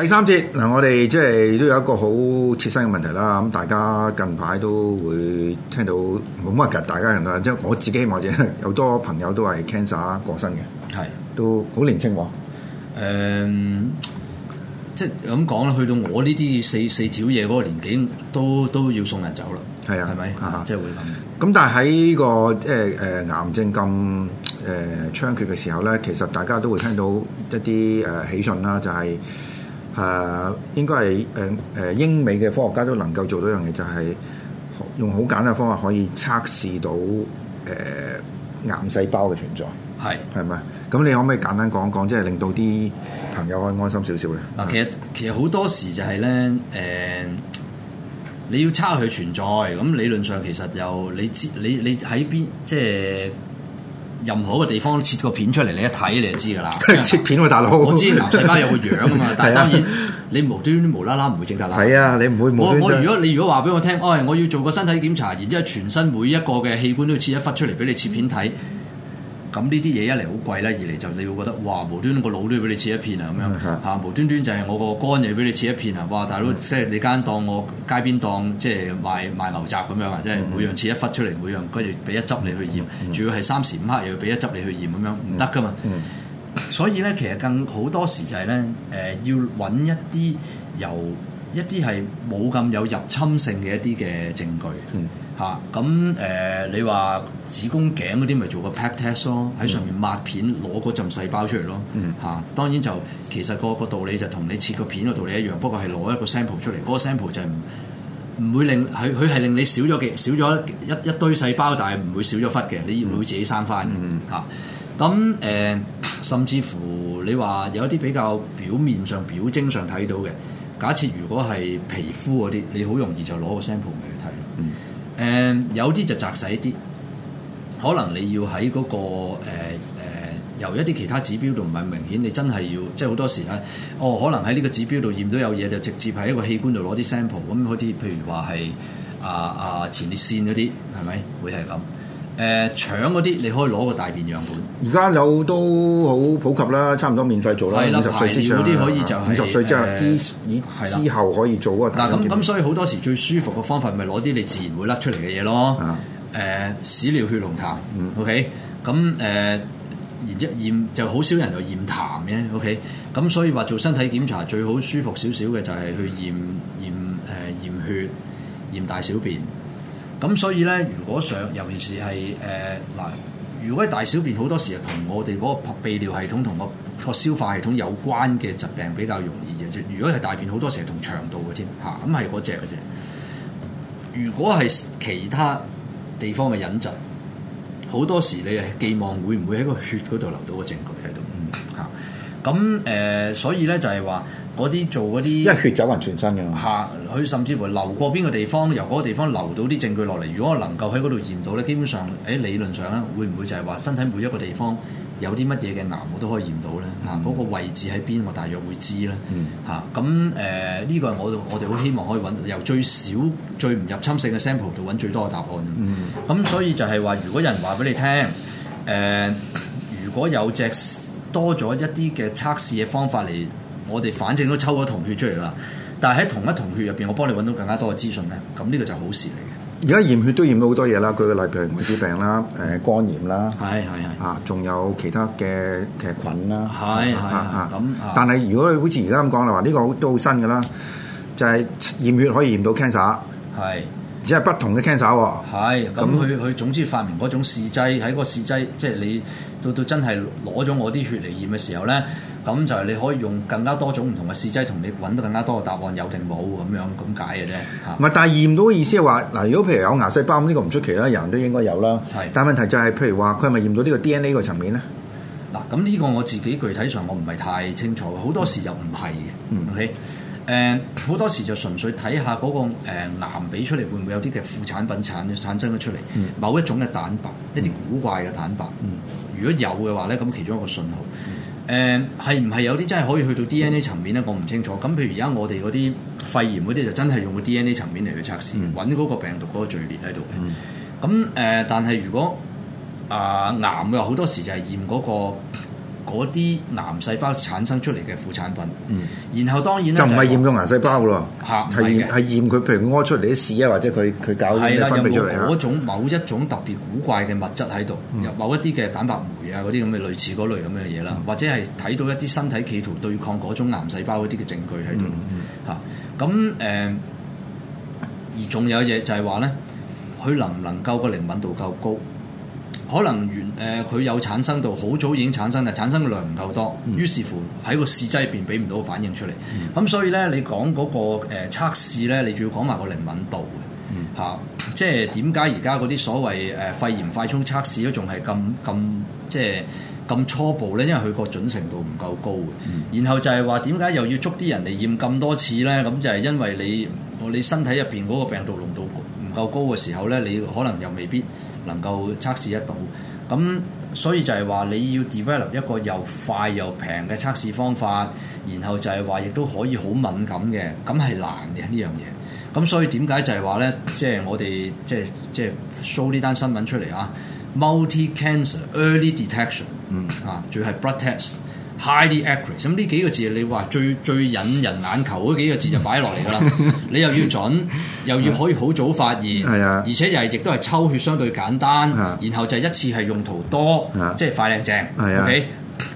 第三節。嗱，我哋即係都有一個好切身嘅問題啦。咁大家近排都會聽到冇乜人，大家人都即係我自己，或者有多朋友都係 cancer 過身嘅，係是都好年輕喎、嗯。即係咁講啦，去到我呢啲四四條嘢嗰個年紀，都都要送人走啦。係啊，係咪、啊、即係會咁。咁、嗯、但係喺、呢個即係誒癌症咁誒猖獗嘅時候咧，其實大家都會聽到一啲誒喜訊啦，就係、是。誒、uh, 應該係誒誒英美嘅科學家都能夠做到一樣嘢，就係、是、用好簡單嘅方法可以測試到誒癌、uh, 細胞嘅存在。係係咪？咁你可唔可以簡單講一講，即、就、係、是、令到啲朋友可以安心少少咧？嗱，其實其實好多時就係、是、咧，誒、uh, 你要測佢存在，咁理論上其實又你知你你喺邊即係。任何一個地方都切個片出嚟，你一睇你就知㗎啦。切片喎，大佬！我知癌細胞有個樣啊嘛， 啊但係當然你無端無啦啦唔會整得啦。係 啊，你唔會無端端。我，如果你如果話俾我聽，哎，我要做個身體檢查，然之後全身每一個嘅器官都要切一忽出嚟俾你切片睇。咁呢啲嘢一嚟好貴啦，二嚟就你會覺得哇，無端端個腦都要俾你切一片啊咁樣嚇、mm hmm. 無端端就係我個肝又要俾你切一片啊！哇大佬、mm hmm. 即係你當我街邊檔即係賣賣牛雜咁樣啊！即係每樣切一忽出嚟，每樣跟住俾一執你去驗，仲、mm hmm. 要係三時五刻又要俾一執你去驗咁樣，唔得噶嘛。Mm hmm. 所以咧，其實更好多時就係、是、咧，誒、呃、要揾一啲由一啲係冇咁有入侵性嘅一啲嘅證據。Mm hmm. 啊，咁、啊、誒，你話子宮頸嗰啲咪做個 Pap test 咯，喺上面抹片攞嗰浸細胞出嚟咯。嗯。嚇，當然就其實個道理就同你切個片個道理一樣，不過係攞一個 sample 出嚟，嗰、嗰個 sample 就唔唔會令佢佢係令你少咗嘅，少咗一一堆細胞，但係唔會少咗忽嘅，你要會自己生翻。嗯，嗯。咁誒、啊啊啊，甚至乎你話有一啲比較表面上表徵上睇到嘅，假設如果係皮膚嗰啲，你好容易就攞個 sample 嚟睇。嗯。誒、um, 有啲就窄細啲，可能你要喺嗰、嗰個誒、呃呃、由一啲其他指標度唔係明顯，你真係要即係好多時間，哦可能喺呢個指標度驗到有嘢，就直接喺一個器官度攞啲 sample，咁、嗯、嗰啲譬如話係啊啊前列腺嗰啲係咪會係咁？誒，腸嗰啲你可以攞個大便樣本，而家有都好普及啦，差唔多免費做啦，五十的歲之，五十歲之後之之後可以做嗰個大。咁咁、啊，所以好多時最舒服嘅方法咪攞啲你自然會甩出嚟嘅嘢咯。誒，屎的、呃、尿血濃痰、嗯、OK，咁誒，然之後就好少人就驗痰嘅，OK，咁所以話做身體檢查最好舒服少少嘅就係去驗驗誒驗血驗，驗大小便。咁所以咧，如果上尤其是係誒嗱，如果大小便好多時係同我哋嗰個泌尿系統同個個消化系統有關嘅疾病比較容易嘅啫。如果係大便好多時係同腸道嘅添吓，咁係嗰隻嘅啫。如果係其他地方嘅隱疾，好多時你係寄望會唔會喺個血嗰度留到個證據喺度嚇。咁、啊、誒、啊，所以咧就係話。嗰啲做嗰啲，因為血走環全身嘅，嚇佢、啊、甚至乎流過邊個地方，由嗰個地方流到啲證據落嚟。如果我能夠喺嗰度驗到咧，基本上喺、哎、理論上咧，會唔會就係話身體每一個地方有啲乜嘢嘅癌，我都可以驗到咧？嚇、嗯，嗰、啊那個位置喺邊，我大約會知咧。嚇、嗯，咁誒呢個係我我哋好希望可以揾由最少、最唔入侵性嘅 sample 度揾最多嘅答案。咁、嗯啊、所以就係話，如果有人話俾你聽，誒、呃、如果有隻多咗一啲嘅測試嘅方法嚟。我哋反正都抽咗同血出嚟啦，但係喺同一同血入邊，我幫你揾到更加多嘅資訊咧，咁呢個就好事嚟嘅。而家驗血都驗到好多嘢啦，舉個例譬如唔艾滋病啦，誒肝、 呃、炎啦，係係係，啊仲有其他嘅嘅菌啦，係係咁。係係係但係如果好似而家咁講啦，話呢、呢個都好新嘅啦，就係、係、驗血可以驗到 cancer，係，係係只係不同嘅 cancer 喎，係，咁佢佢總之發明嗰種試劑喺個試劑，即係你到到真係攞咗我啲血嚟驗嘅時候咧。咁就係你可以用更加多種唔同嘅試劑，同你揾到更加多嘅答案，有定冇咁樣咁解嘅啫嚇。唔係，但係驗到嘅意思係話，嗱，如果譬如有癌細胞，呢、呢個唔出奇啦，人都應該有啦。係。是 但問題就係，譬如話佢係咪驗到呢個 DNA 個層面咧？嗱，咁呢個我自己具體上我唔係太清楚，好多時又唔係嘅。嗯、OK，誒、嗯，好多時就純粹睇下嗰個癌俾出嚟會唔會有啲嘅副產品產產生咗出嚟，嗯、某一種嘅蛋白，嗯、一啲古怪嘅蛋白。嗯、如果有嘅話咧，咁其中一個信號。嗯誒係唔係有啲真係可以去到 DNA 層面咧？我唔清楚。咁譬如而家我哋嗰啲肺炎嗰啲就真係用個 DNA 層面嚟去測試，揾嗰、嗯、個病毒嗰個序列喺度。咁誒，但係如果啊、呃、癌嘅話，好多時就係驗嗰個。嗰啲癌細胞產生出嚟嘅副產品，嗯、然後當然咧就唔係驗個癌細胞嘅咯，係係驗佢譬如屙出嚟啲屎啊，或者佢佢搞咗分、嗯嗯、有冇嚟嗰種某一種特別古怪嘅物質喺度，嗯、某一啲嘅蛋白酶啊嗰啲咁嘅類似嗰類咁嘅嘢啦，嗯、或者係睇到一啲身體企圖對抗嗰種癌細胞嗰啲嘅證據喺度嚇。咁誒、嗯嗯啊，而仲有嘢就係話咧，佢能唔能夠靈敏度夠高，高？可能原誒佢有產生到，好早已經產生啦，產生量唔夠多，嗯、於是乎喺個試劑入邊俾唔到反應出嚟。咁、嗯嗯、所以咧，你講嗰、那個誒、呃、測試咧，你仲要講埋個靈敏度嘅嚇、嗯啊。即係點解而家嗰啲所謂誒、呃、肺炎快速測試都仲係咁咁即係咁初步咧？因為佢個準程度唔夠高嘅。嗯、然後就係話點解又要捉啲人嚟驗咁多次咧？咁就係因為你你身體入邊嗰個病毒濃度唔夠高嘅時候咧，你可能又未必，未必能夠測試得到，咁所以就係話你要 develop 一個又快又平嘅測試方法，然後就係話亦都可以好敏感嘅，咁係難嘅呢樣嘢。咁所以點解就係話咧，即係我哋即係即係 show 呢單新聞出嚟啊 ，multi-cancer early detection，嗯啊，仲 要係 blood test。Highly accurate，咁呢幾個字你話最最引人眼球嗰幾個字就擺落嚟㗎啦。 你又要準，又要可以好早發現，係啊。而且又係亦都係抽血相對簡單， 然後就一次係用途多，即係 快靚正，係啊。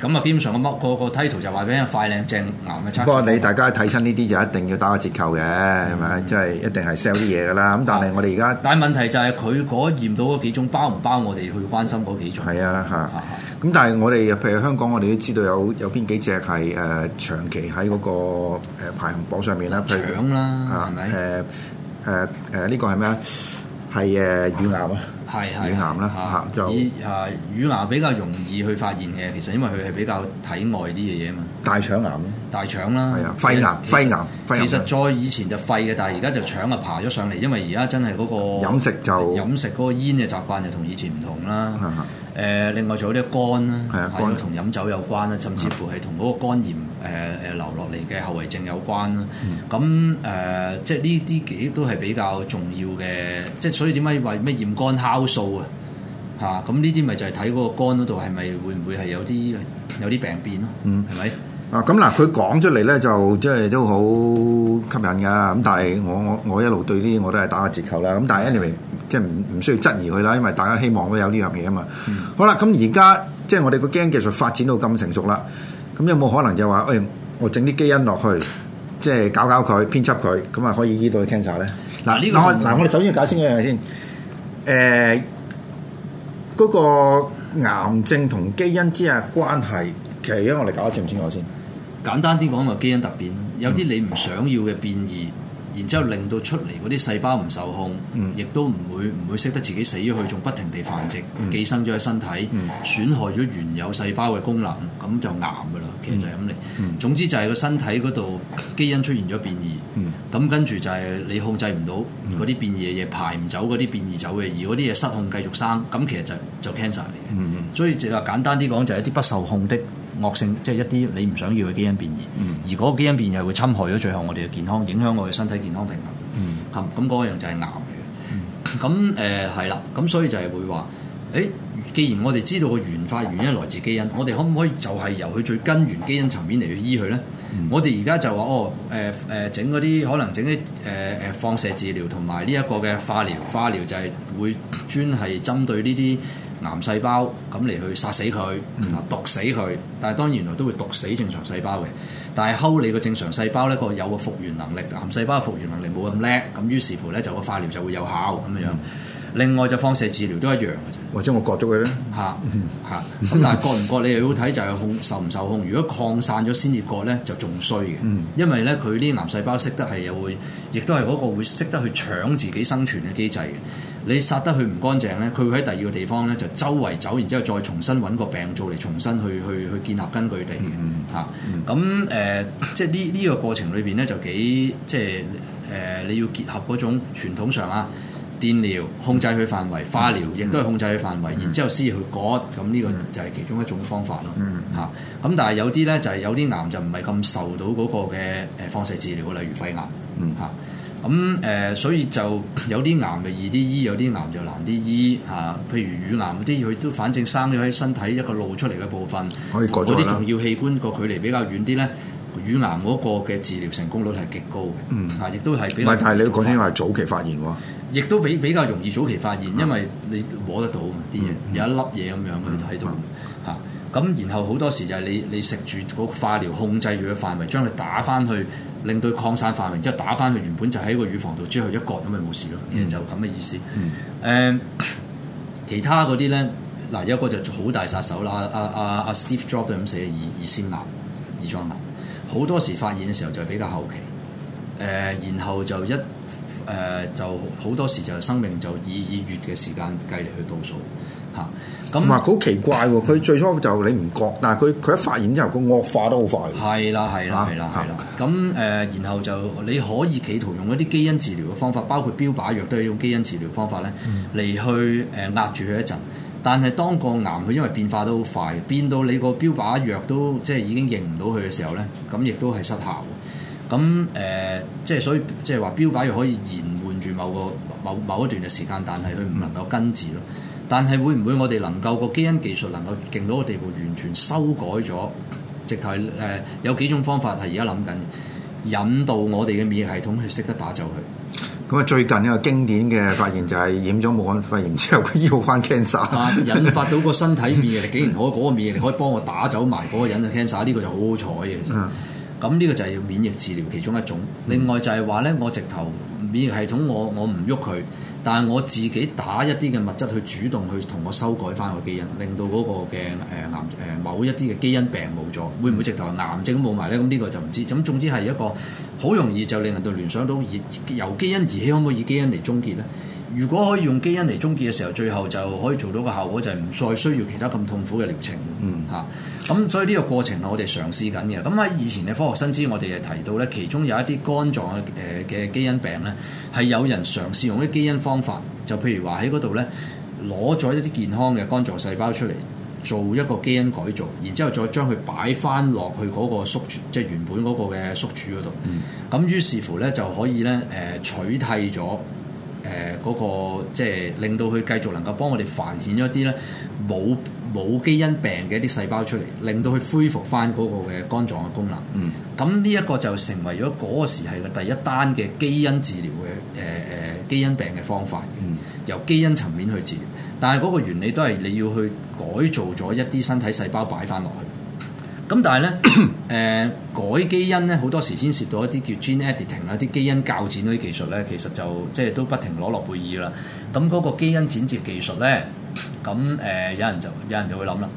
咁啊，基本上、那個乜、那個個梯圖就話俾人快、靚、正、啱嘅測試。不過你大家睇親呢啲就一定要打個折扣嘅，係咪、嗯？即係、就是、一定係 sell 啲嘢㗎啦。咁但係我哋而家，但係問題就係佢嗰驗到嗰幾種包唔包我哋去關心嗰幾種？係啊，嚇、啊！咁、啊啊、但係我哋譬如香港，我哋都知道有有邊幾隻係誒、呃、長期喺嗰、那個、呃呃、排行榜上面啦，譬如腸啦，係咪、呃？誒誒誒，呢、呃呃呃呃這個係咩啊？係誒乳癌啊，係係乳癌啦嚇，就誒乳癌、乳癌比較容易去發現嘅，其實因為佢係比較體外啲嘅嘢嘛。大腸癌咯，大腸啦，係啊，肺癌、肺癌、肺癌。其實再以前就肺嘅，但係而家就腸啊爬咗上嚟，因為而家真係嗰個飲食就飲食嗰個煙嘅習慣就同以前唔同啦。係係係。誒，另外仲有啲肝啦，係啊的，同飲酒有關啦，的甚至乎係同嗰個肝炎誒誒留落嚟嘅後遺症有關啦。咁誒、嗯呃，即係呢啲幾都係比較重要嘅，即係所以點解話咩？驗肝酵素啊，嚇咁呢啲咪就係睇嗰個肝嗰度係咪會唔會係有啲有啲病變咯，啊？嗯，係咪？啊，咁嗱，佢講出嚟咧就即係都好吸引噶，咁但係我我我一路對呢啲我都係打個折扣啦。咁但係 anyway，即係唔唔需要質疑佢啦，因為大家希望都有呢樣嘢啊嘛。嗯、好啦，咁而家即係我哋個基因技術發展到咁成熟啦，咁有冇可能就話、是，誒、欸、我整啲基因落去，即係搞搞佢編輯佢，咁啊可以醫到你聽曬咧？嗱呢嗱我哋首先要搞清楚一樣嘢先，誒嗰個癌症同基因之下關係，其實我哋搞得清唔清楚先？簡單啲講個基因突變，有啲你唔想要嘅變異，然之後令到出嚟嗰啲細胞唔受控，亦、嗯、都唔會唔會識得自己死咗去，仲不停地繁殖，寄生咗喺身體，損、嗯、害咗原有細胞嘅功能，咁就癌噶啦。其實就係咁嚟，嗯、總之就係個身體嗰度基因出現咗變異，咁跟住就係你控制唔到嗰啲變異嘅嘢排唔走嗰啲變異走嘅，而嗰啲嘢失控繼續生，咁其實就是、就 cancer 嚟嘅。嗯、所以就話簡單啲講就係一啲不受控的。惡性即係一啲你唔想要嘅基因變異，嗯、而嗰個基因變異係會侵害咗最後我哋嘅健康，影響我哋身體健康平衡。咁咁嗰樣就係癌嚟嘅。咁誒係啦，咁、呃、所以就係會話，誒、欸，既然我哋知道個原發原因來自基因，我哋可唔可以就係由佢最根源基因層面嚟去醫佢咧？嗯、我哋而家就話，哦，誒、呃、誒，整嗰啲可能整啲誒誒放射治療同埋呢一個嘅化療，化療就係會專係針、針對呢啲。癌細胞咁嚟去殺死佢，嗯、毒死佢，但係當然原來都會毒死正常細胞嘅。但係睺你個正常細胞呢個有個復原能力，癌細胞嘅復原能力冇咁叻。咁於是乎呢就個化療就會有效咁樣。嗯、另外就放射治療都一樣嘅啫。或者我割咗佢咧吓？嚇、嗯。咁、嗯、但係割唔割你又要睇就係控受唔受控。如果擴散咗先至割呢，就仲衰嘅。嗯、因為呢，佢啲癌細胞識得係又會，亦都係嗰個會識得去搶自己生存嘅機制嘅。你殺得佢唔乾淨咧，佢會喺第二個地方咧就周圍走，然之後再重新揾個病灶嚟重新去去去建立根據地。嘅咁誒，即係呢呢個過程裏邊咧就幾即係誒、呃，你要結合嗰種傳統上啊，電療控制佢範圍，化療亦都係控制佢範圍，嗯、然之後先去割。咁呢、嗯、個就係其中一種方法咯嚇。咁、嗯嗯嗯、但係有啲咧就係、是、有啲癌就唔係咁受到嗰個嘅誒放射治療，例如肺癌嗯嚇。嗯咁誒、嗯，所以就有啲癌就易啲醫，有啲癌就難啲醫嚇。譬如乳癌嗰啲，佢都反正生咗喺身體一個露出嚟嘅部分，可以嗰啲重要器官個距離比較遠啲咧，乳癌嗰個嘅治療成功率係極高嘅。嗯，嚇，亦都係比較唔係，但係你講啲話係早期發現，亦都比比較容易早期發現，因為你摸得到嘛啲嘢，有一粒嘢咁樣佢喺度嚇。咁然後好多時就係你你食住嗰化療控制住嘅範圍，將佢打翻去。令佢擴散範圍，之後打翻佢原本就喺個乳房度之後一割咁咪冇事咯，嗯、其實就咁嘅意思。誒、嗯，uh, 其他嗰啲咧，嗱，有一個就好大殺手啦，阿阿阿 Steve Jobs 都咁死，二二先男，二狀男。好多時發現嘅時候就比較後期。誒、uh, 然後就一誒，uh, 就好多時就生命就以以月嘅時間計嚟去倒數。嚇，咁唔係好奇怪喎？佢最初就你唔覺，但係佢佢一發現之後，個惡化得好快。係啦，係啦，係啦，係啦、啊。咁誒、啊，然後就你可以企圖用一啲基因治療嘅方法，包括標靶藥都係用基因治療方法咧嚟去誒壓住佢一陣。但係當個癌佢因為變化都好快，變到你個標靶藥都即係已經認唔到佢嘅時候咧，咁亦都係失效。咁、啊、誒、呃，即係所以即係話標靶藥可以延緩住某個某某，某一段嘅時間，但係佢唔能夠根治咯。但係會唔會我哋能夠個基因技術能夠勁到個地步，完全修改咗？直頭係、呃、有幾種方法係而家諗緊，引導我哋嘅免疫系統去識得打走佢。咁啊，最近一個經典嘅發現就係染咗新冠肺炎之後，醫好翻 cancer，引發到個身體免疫力竟然好，嗰 個免疫力可以幫我打走埋嗰個人嘅 cancer，呢個就好好彩嘅。咁呢、嗯、個就係免疫治療其中一種。另外就係話咧，我直頭免疫系統我我唔喐佢。但係我自己打一啲嘅物質去主動去同我修改翻個基因，令到嗰個嘅誒癌誒某一啲嘅基因病冇咗，會唔會直頭癌症都冇埋咧？咁、嗯、呢、呢個就唔知。咁總之係一個好容易就令人到聯想到以由基因而起，可唔可以以基因嚟終結咧？如果可以用基因嚟終結嘅時候，最後就可以做到個效果就係唔再需要其他咁痛苦嘅療程。嗯，嚇咁、啊、所以呢個過程我哋嘗試緊嘅。咁喺以前嘅科學新知，我哋係提到咧，其中有一啲肝臟嘅嘅、呃、基因病咧，係有人嘗試用啲基因方法，就譬如話喺嗰度咧攞咗一啲健康嘅肝臟細胞出嚟，做一個基因改造，然之後再將佢擺翻落去嗰個宿主，即、就、係、是、原本嗰個嘅宿主嗰度。咁、嗯、於是乎咧就可以咧誒、呃、取替咗。誒嗰、呃那個、即係令到佢繼續能夠幫我哋繁衍咗一啲咧冇冇基因病嘅一啲細胞出嚟，令到佢恢復翻嗰個嘅肝臟嘅功能。嗯，咁呢一個就成為咗嗰時係嘅第一單嘅基因治療嘅誒誒基因病嘅方法、嗯、由基因層面去治療，但係嗰個原理都係你要去改造咗一啲身體細胞擺翻落去。咁但係咧，誒、 呃、改基因咧，好多時牽涉到一啲叫 gene editing 啊，啲基因較剪嗰啲技術咧，其實就即係都不停攞諾貝爾啦。咁嗰個基因剪接技術咧，咁誒、呃、有人就有人就會諗啦，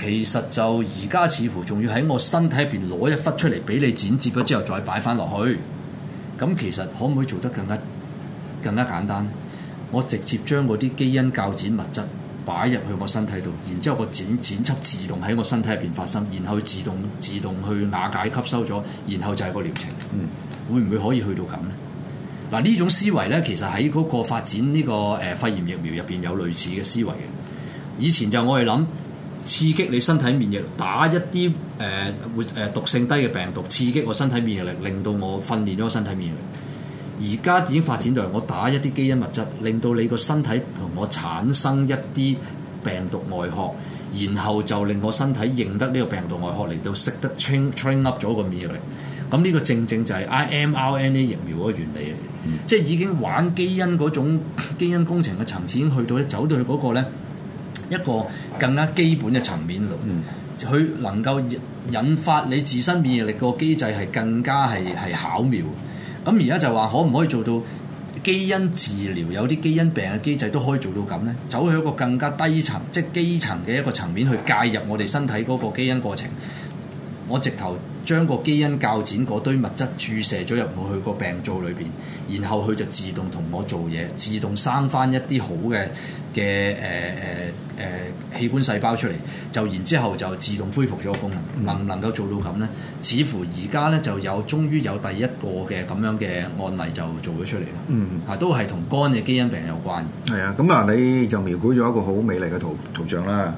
其實就而家似乎仲要喺我身體入邊攞一忽出嚟俾你剪接咗之後再擺翻落去，咁其實可唔可以做得更加更加簡單？我直接將嗰啲基因較剪物質。擺入去我身體度，然之後個剪剪輯自動喺我身體入邊發生，然後自動自動去瓦解吸收咗，然後就係個療程。嗯，會唔會可以去到咁咧？嗱，呢種思維呢，其實喺嗰個發展呢個誒、呃、肺炎疫苗入邊有類似嘅思維嘅。以前就我係諗刺激你身體免疫力，打一啲誒活、誒毒性低嘅病毒，刺激我身體免疫力，令到我訓練咗身體免疫力。而家已經發展到我打一啲基因物質，令到你個身體同我產生一啲病毒外殼，然後就令我身體認得呢個病毒外殼嚟到識得 train train up 咗個免疫力。咁、這、呢個正正就係 I M R N A 疫苗個原理嚟。嗯、即係已經玩基因嗰種基因工程嘅層次已經去到，走到去嗰個咧一個更加基本嘅層面度。佢、嗯、能夠引發你自身免疫力個機制係更加係係巧妙。咁而家就話可唔可以做到基因治療？有啲基因病嘅機制都可以做到咁呢？走去一個更加低層，即係基層嘅一個層面，去介入我哋身體嗰個基因過程。我直頭將個基因較剪嗰堆物質注射咗入我去個病灶裏邊，然後佢就自動同我做嘢，自動生翻一啲好嘅嘅誒誒誒器官細胞出嚟，就然之後就自動恢復咗個功能。能唔能夠做到咁咧？似乎而家咧就有，終於有第一個嘅咁樣嘅案例就做咗出嚟。嗯，啊都係同肝嘅基因病有關嘅。係啊，咁啊，你就描繪咗一個好美麗嘅圖圖像啦。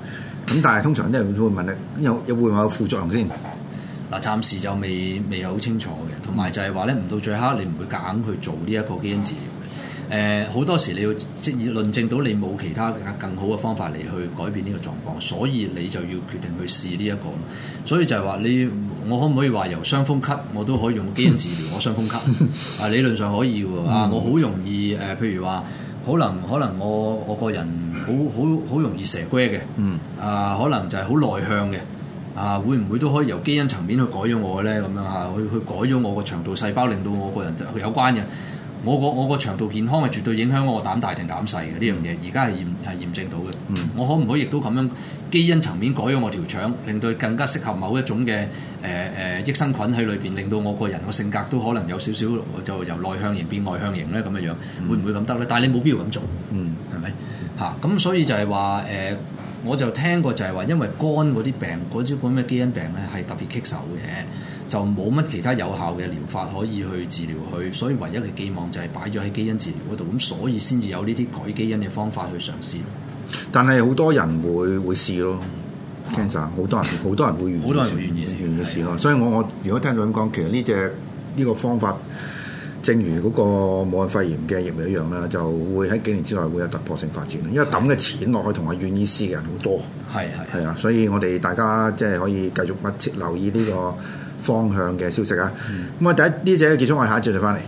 咁但係通常啲人會問你有有會冇副作用先？嗱，暫時就未未有好清楚嘅，同埋就係話咧，唔到最黑，你唔會夾硬去做呢一個基因治療嘅。誒、呃，好多時你要即係論證到你冇其他更好嘅方法嚟去改變呢個狀況，所以你就要決定去試呢、這、一個。所以就係話你，我可唔可以話由傷風咳，我都可以用基因治療 我傷風咳？啊，理論上可以㗎、啊，我好容易誒、呃，譬如話，可能可能我我個人好好好容易蛇龜嘅，嗯啊，可能就係好內向嘅。啊！會唔會都可以由基因層面去改咗我呢？咁樣嚇，去去改咗我個腸道細胞，令到我個人有關嘅。我個我個腸道健康係絕對影響我個膽大定膽細嘅呢樣嘢。而家係驗係驗證到嘅。嗯，我可唔可以亦都咁樣基因層面改咗我條腸，令到更加適合某一種嘅？誒誒、呃、益生菌喺裏邊，令到我個人個性格都可能有少少就由內向型變外向型咧咁嘅樣，會唔會咁得咧？但係你冇必要咁做，嗯，係咪吧？嚇咁、嗯、所以就係話誒，我就聽過就係話，因為肝嗰啲病，嗰啲咁嘅基因病咧，係特別棘手嘅，就冇乜其他有效嘅療法可以去治療佢，所以唯一嘅寄望就係擺咗喺基因治療嗰度，咁所以先至有呢啲改基因嘅方法去嘗試。但係好多人會會試咯。cancer 好多人好多人會願意，好多人會願意試，願意試咯。的所以我我如果聽到咁講，其實呢只呢個方法，正如嗰個武漢肺炎嘅疫苗一樣啦，就會喺幾年之內會有突破性發展。的因為抌嘅錢落去同埋願意試嘅人好多，係係係啊。所以我哋大家即係可以繼續密切留意呢個方向嘅消息啊。咁啊，第一呢隻、呢個、結束，我哋下一節就翻嚟。